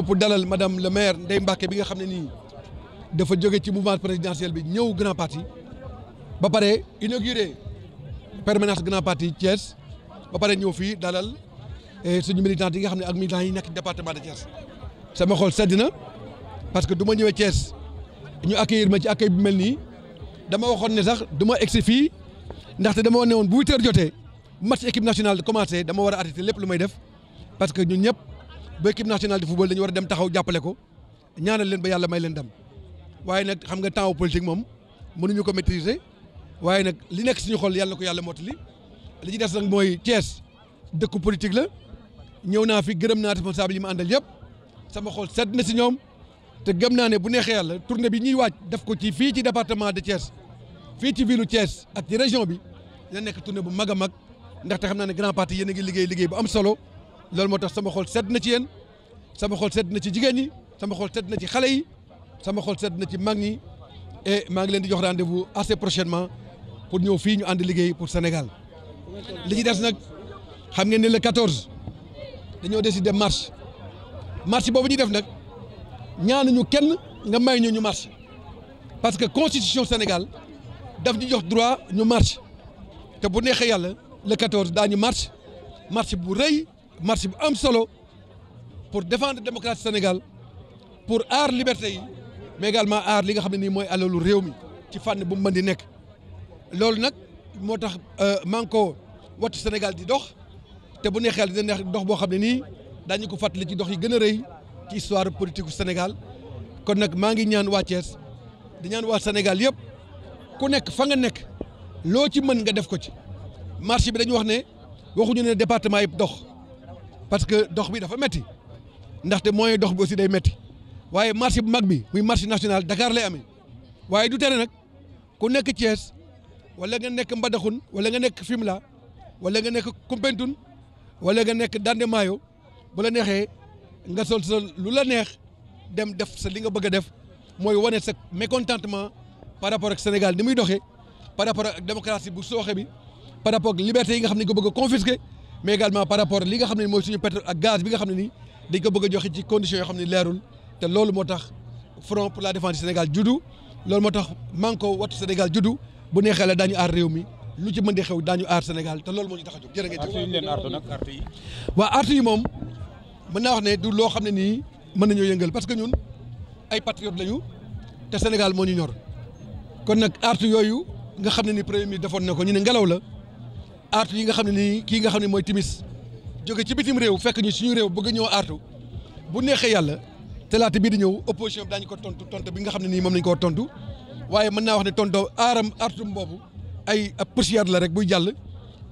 ñëw pour dalal madame le maire Ndeye Mbacke bi nga xam ne nii dafa jóge ci mouvement présidentiel bi ñëw grand parti ba pare inauguré permanence grand parti Thiès ba pare ñëw fii dalal eh, suñu militants yi nga xam ne ak militants yi nekk département de Thiès sama xol sedd na parce que du ñëwee Thiès ñu accueillir ma ci accueil bi mel nii dama waxoon ne sax du ma fii ndaxte dama ne woon bu huit heures jotee match équipe nationale commencé dama war a arrêté lépp lu may def parce que ñun ba équipe nationale de football ñu war a dem taxaw jàppale ko ñaanal leen ba yàlla may leen dem waaye nag xam nga temps politique moom mënuñu ko maîtriser waaye nag li nekk suñu xol yàlla ko yàlla mottali li ci des nag mooy Thiès dëkku politique la ñëw naa fi gërëm naa responsable ma àndal yëpp sama xol sedd na si ñoom te gëm naa ne bu neexee yàlla tournée bi ñuy waaj def ko ci fii ci département de Thiès fii ci ville Thiès ak ci région bi na nekk tournée bu mag a mag ndaxte xam naa ne grand parti yéen ngi liggéey liggéey bu am solo. loolu moo tax sama xol sedd na ci yéen sama xol sedd na ci jigéen ñi sama xol sedd na ci xale yi sama xol sedd na ci mag ñi maa ngi leen di jox rendez-vous assez prochainement pour ñëw fii ñu ànd liggéey pour Sénégal li ci des nag xam ngeen ne le 14 dañoo décider marche marche boobu ñuy def nag ñaanuñu kenn nga may ñu ñu marche parce que constitution Sénégal daf ñu jox droit ñu marche te bu neexee yàlla le daa ñu marche marche bu rëy. marche bu am solo pour défendre démocratie Sénégal pour aar liberté yi mais également aar li nga xam ne nii mooy alalu réew mi ci fànn bu mu mën di nekk loolu nag moo tax euh, maa ngi ko wattu Sénégal di dox te bu neexee dina neex dox boo xam ne nii daañu ko fàttali ci dox yi gën a rëy ci histoire politique gu Sénégal kon nag maa ngi ñaan waa Thiès di ñaan waa Sénégal yëpp ku nekk fa nga nekk loo ci mën nga def ko ci marche bi dañu wax ne waxuñu ne département yëpp dox. parce que dox bi dafa metti ndaxte moyen dox bi aussi day metti waaye marché bu mag bi muy marché national Dakar lay amee waaye du tere nag ku nekk Thiès wala nga nekk mbadaxun wala nga nekk Fimela wala nga nekk Koumpentoum wala nga nekk Dande Mayo bu la neexee nga sol sa lu la neex dem def sa li nga bëgg a def mooy wane sa mécontentement par rapport ak Sénégal ni muy doxee par rapport ak démocratie bu sooxe bi par rapport ak liberté yi nga xam ne ñu bëgg a confisquer mais également par rapport li nga xam ne mooy suñu pétrole ak gaz bi nga xam ne nii dañ ko bëgg a joxe ci conditions yoo xam ne leerul te loolu moo tax front pour la défense Sénégal juddu loolu moo tax Manko Wattu Sénégal juddu bu neexee la daañu aar réew mi lu ci mën di xew daañu aar Sénégal te loolu moo ñu tax a jóg jërë ngeen jëf leen artu nag artu yi waaw artu yi moom mën naa wax ne du loo xam ne nii mën nañoo yëngal parce que ñun ay patriotes lañu te Sénégal moo ñu ñor kon nag artu yooyu nga xam ne ni premier ministre defoon na ko ñu ne ngelaw la aartu yi nga xam ne nii kii nga xam ne mooy timis jóge ci bitim réew fekk ñu suñu réew bëgg ñëw aartu bu neexee yàlla talaata bii di ñëw opposition bi daañu ko tontu tontu bi nga xam ne nii moom nañ ko tontu waaye mën naa wax ne tontu aaram aartum boobu ay a poussière la rek buy jàll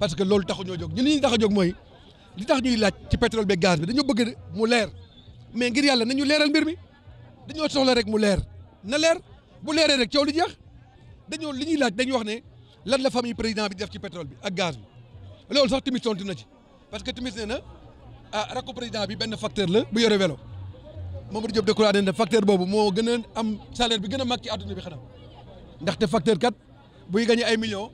parce que loolu taxu ñoo jóg ñun li ñu tax a jóg mooy li tax ñuy laaj ci pétrole bi gaz bi dañoo bëgg mu leer mais ngir yàlla nañu leeral mbir mi dañoo soxla rek mu leer na leer bu leeree rek coow lu jeex dañoo li ñuy laaj dañuy wax ne lan la famille président bi def ci pétrole bi ak gaz bi loolu sax timis tontu na ci parce que timis nee na ah rakku président bi benn facteur la bu yore welo Mamadou Diop Decroix nee na facteur boobu moo gën am salaire gën a mag ci adduna bi xanaa ndaxte facteur kat buy gagné ay millions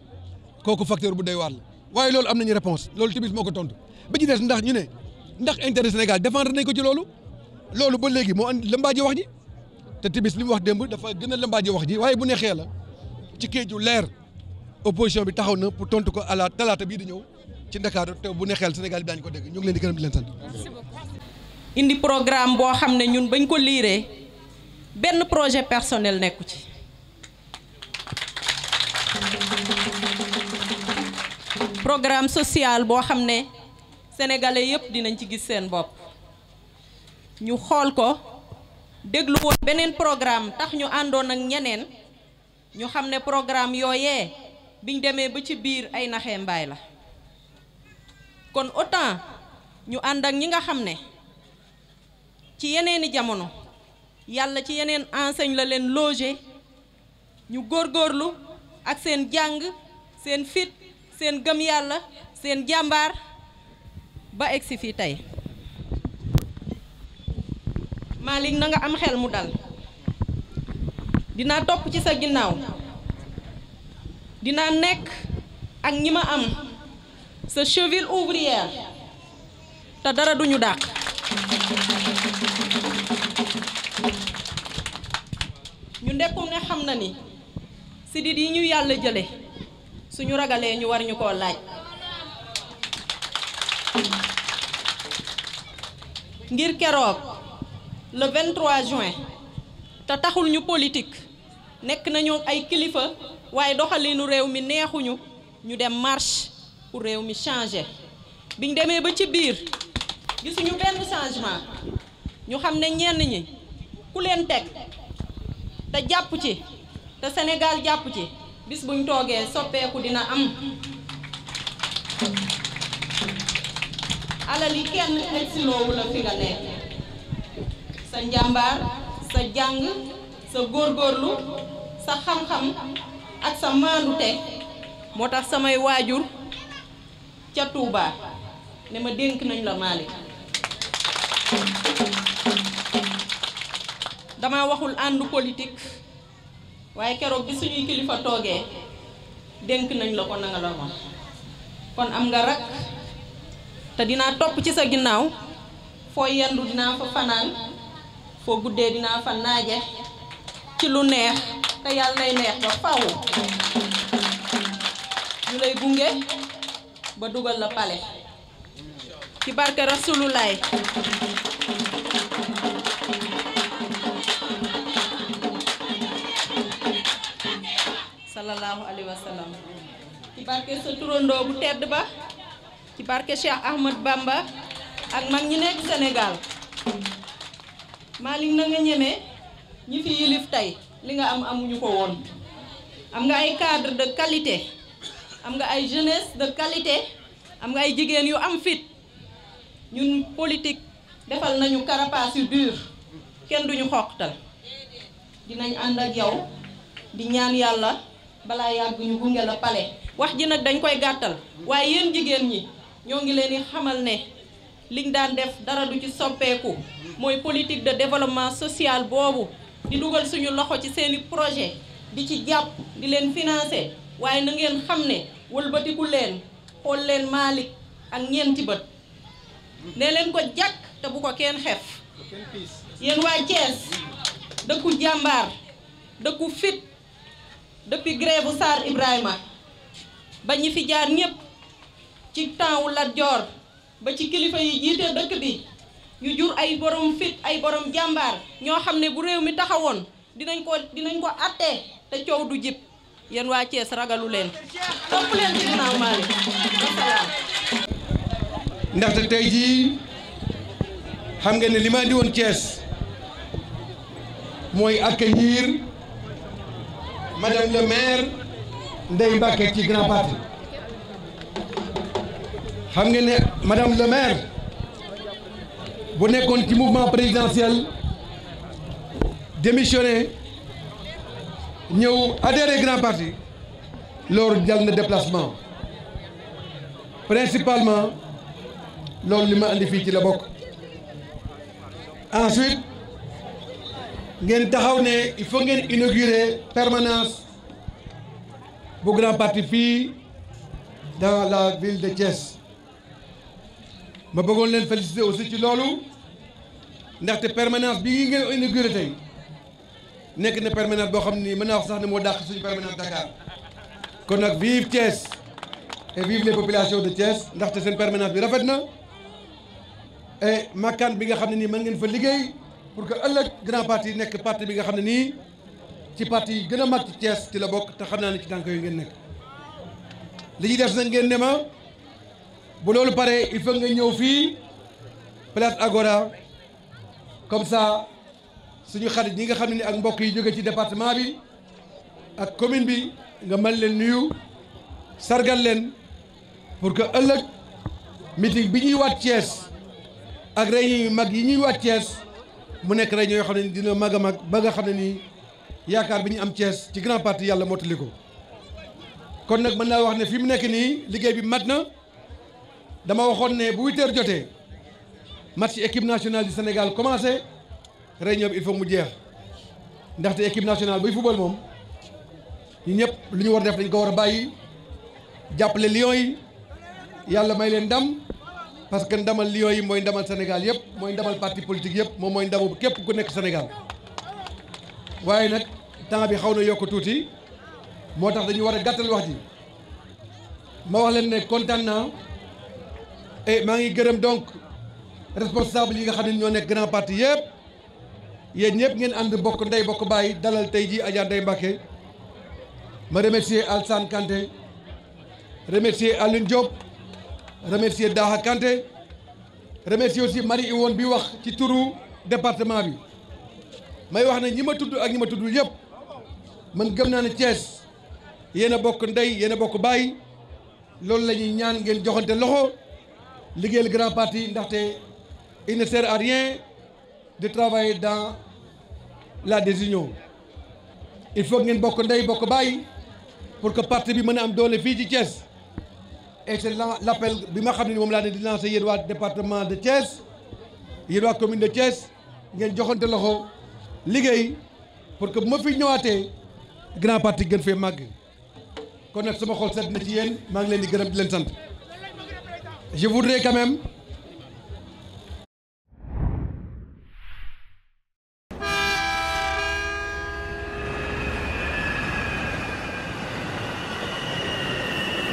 kooku facteur bu dey waar la waaye loolu am nañu réponse loolu timis moo ko tontu ba ci des ndax ñu ne ndax intérêt Sénégal défendre nañ ko ci loolu loolu ba léegi moo andi lëmbaaji wax ji te timis ni mu wax démb dafa gën a lëmbaaji wax ji waaye bu neexee la ci kéeju leer. opposition bi taxaw na pour tontu ko à la talaata bii di ñëw ci Ndakaaru te bu ne xel Sénégal bi daañu ko dégg ñu ngi leen di gërëm di leen sant. indi programme boo xam ne ñun bañ ko liiree benn projet personnel nekku ci. programme social boo xam ne sénégalais yépp dinañ ci gis seen bopp ñu xool ko déglu woon beneen programme tax ñu àndoon ak ñeneen ñu xam ne programme yooyee. biñ demee ba ci biir ay naxee mbaay la kon autant ñu ànd ak ñi nga xam ne ci yeneeni jamono yàlla ci yeneen enseigne la leen loger ñu góor góorlu ak seen jàng seen fit seen gëm yàlla seen jàmbaar ba egsi fii tey Malick na nga am xel mu dal dinaa topp ci sa ginnaaw dinaa nekk ak ñi ma am sa cheville ouvrière te dara duñu dàq ñu ndekkum ne xam na ni sidit yi ñu yàlla jële suñu ragalee ñu war ñu koo laaj ngir keroog le 23 juin te taxul ñu politique nekk nañoo ay kilifa waaye doxaliinu réew mi neexuñu ñu dem marche pour réew mi changer biñ demee ba ci biir gisuñu benn changement ñu xam ne ñenn ñi ku leen teg te jàpp ci te Sénégal jàpp ci bis buñ toogee soppeeku dina am alal yi kenn xeet loowu la fi sa njàmbaar sa jàng sa góorgóorlu sa xam-xam ak sa maandute moo tax samay waajur ca Touba ne ma dénk nañ la Malick dama waxul ànd politique waaye keroog bi suñuy kilifa toogee dénk nañ la ko nanga la ma kon am nga rak te dinaa topp ci sa ginnaaw foo yendu dinaa fa fanaan foo guddee dinaa fa naaje ci lu neex te yàlla nay neex ba faw ñu lay gunge ba dugal la pale ci barke rasululaay sallallahu alayhi wa ci barke sa turandoo bu tedd ba ci barke Cheikh Ahmad Bamba ak mag ñi nekk Sénégal Malick na nga ñeme ñi fi yilif tey li nga am amuñu ko woon am nga ay cadre de qualité am nga ay jeunesse de qualité am nga ay jigéen yu am fit ñun politique defal nañu carapace yu dur kenn du ñu xoqtal dinañ ànd ak yow di ñaan yàlla balaa yàgg ñu gunge la palais wax ji nag dañ koy gàttal waaye yéen jigéen ñi ñoo ngi leen di xamal ne liñ daan def dara du ci soppeeku mooy politique de développement social boobu di dugal suñu loxo ci seeni projet di ci jàpp di leen financer waaye na ngeen xam ne wëlbatiku leen xool leen Malick ak ñeenti bët ne leen ko jàkk te bu ko kenn xef yéen waa Thiès dëkku jàmbaar dëkku fit depuis grève bu Sarr Ibrahima ba ñi fi jaar ñépp ci temps wu ba ci kilifa yi jiite dëkk bi ñu jur ay borom fit ay borom jàmbaar ñoo xam ne bu réew mi taxawoon dinañ ko dinañ ko attee te coow du jib yéen waa Thiès ragalu leen topp leen ci ginnaaw Malick wasalaam ndaxte tey jii xam nga ne li ma di woon Thiès mooy accueillir madame le maire Ndeye Mbacké ci Grand Parti xam nga ne madame le maire bu nekkoon ci mouvement présidentiel démissionné ñëw adhéré grand parti loolu jàll na déplacement principalement loolu li ma indi fii ci la bokk ensuite ngeen taxaw ne il faut ngeen inaugurer permanence bu grand parti fii dans la ville de Thiès ma bëggoon leen féliciter aussi ci loolu ndaxte permanence bii ngeen inauguré tey nekk na permanence boo xam ni mën naa wax sax ne moo dàq suñu permanence Dakar kon nag vive Thiès et vive les populations de Thiès ndaxte seen permanence bi rafet na et makkaan bi nga xam ne nii mën ngeen fa liggéey pour que ëllëg grand parti nekk parti bi nga xam ne nii ci parti yi gën a mag ci Thiès ci la bokk te xam naa ne ci tànk yooyu ngeen nekk li ñuy def nag ngeen ne ma. bu loolu pare il faut nga ñëw fii place Agora comme ça suñu xarit ñi nga xam ne ni ak mbokk yi jóge ci département bi ak commune bi nga mën leen nuyu sargal leen pour que ëllëg meeting bi ñuy waat Thiès ak réunion yu mag yi ñuy waat Thiès mu nekk réunion yoo xam ne dina mag mag ba nga xam ne nii yaakaar bi ñu am Thiès ci grand parti yàlla mottali ko kon nag mën naa wax ne fi mu nekk nii liggéey bi mat na. dama waxoon ne bu huit heures jotee match équipe nationale du Sénégal commencé réunion bi il faut mu jeex ndaxte équipe nationale buy football moom ñu ñëpp lu ñu war def dañu ko war a bàyyi jàppale Lions yi yàlla may leen ndam parce que ndamal Lions yi mooy ndamal Sénégal yëpp mooy ndamal parti politique yëpp moom mooy ndamu képp ku nekk Sénégal waaye nag temps bi xaw na yokk tuuti moo tax dañuy war a gàttal wax ji ma wax leen ne kontaan naa. et eh, maa ngi gërëm donc responsable yi nga xam ne ñoo nekk grand parti yëpp yéen ñëpp ngeen ànd bokk ndey bokk bàyyi dalal tey jii Adja Ndeye Mbacké ma remercier Alsane Kanté remercier Aline Diop remercier Daha Kanté remercier aussi Marie Iwone bi wax ci turu département bi may wax na ñi ma tudd ak ñi ma tudd yëpp man gëm naa ne Thiès yéen a bokk ndey yéen a bokk bàyyi loolu la ñuy ñaan ngeen joxante loxo. liggéeyal grand parti ndaxte il ne à rien de travailler dans la désunion il faut ngeen bokk ndey bokk bàyyi pour que parti bi mën a am doole fii ci Thiès et la l'appel bi ma xam ne moom laa ne di lancer yéen waa département de Thiès yéen commune de Thiès ngeen joxante loxo liggéey pour que bu ma fi ñëwaatee grand parti gën fee màgg kon nag sama xol sedd na ci yéen maa ngi leen di gërëm di leen sant. je voudrais quand même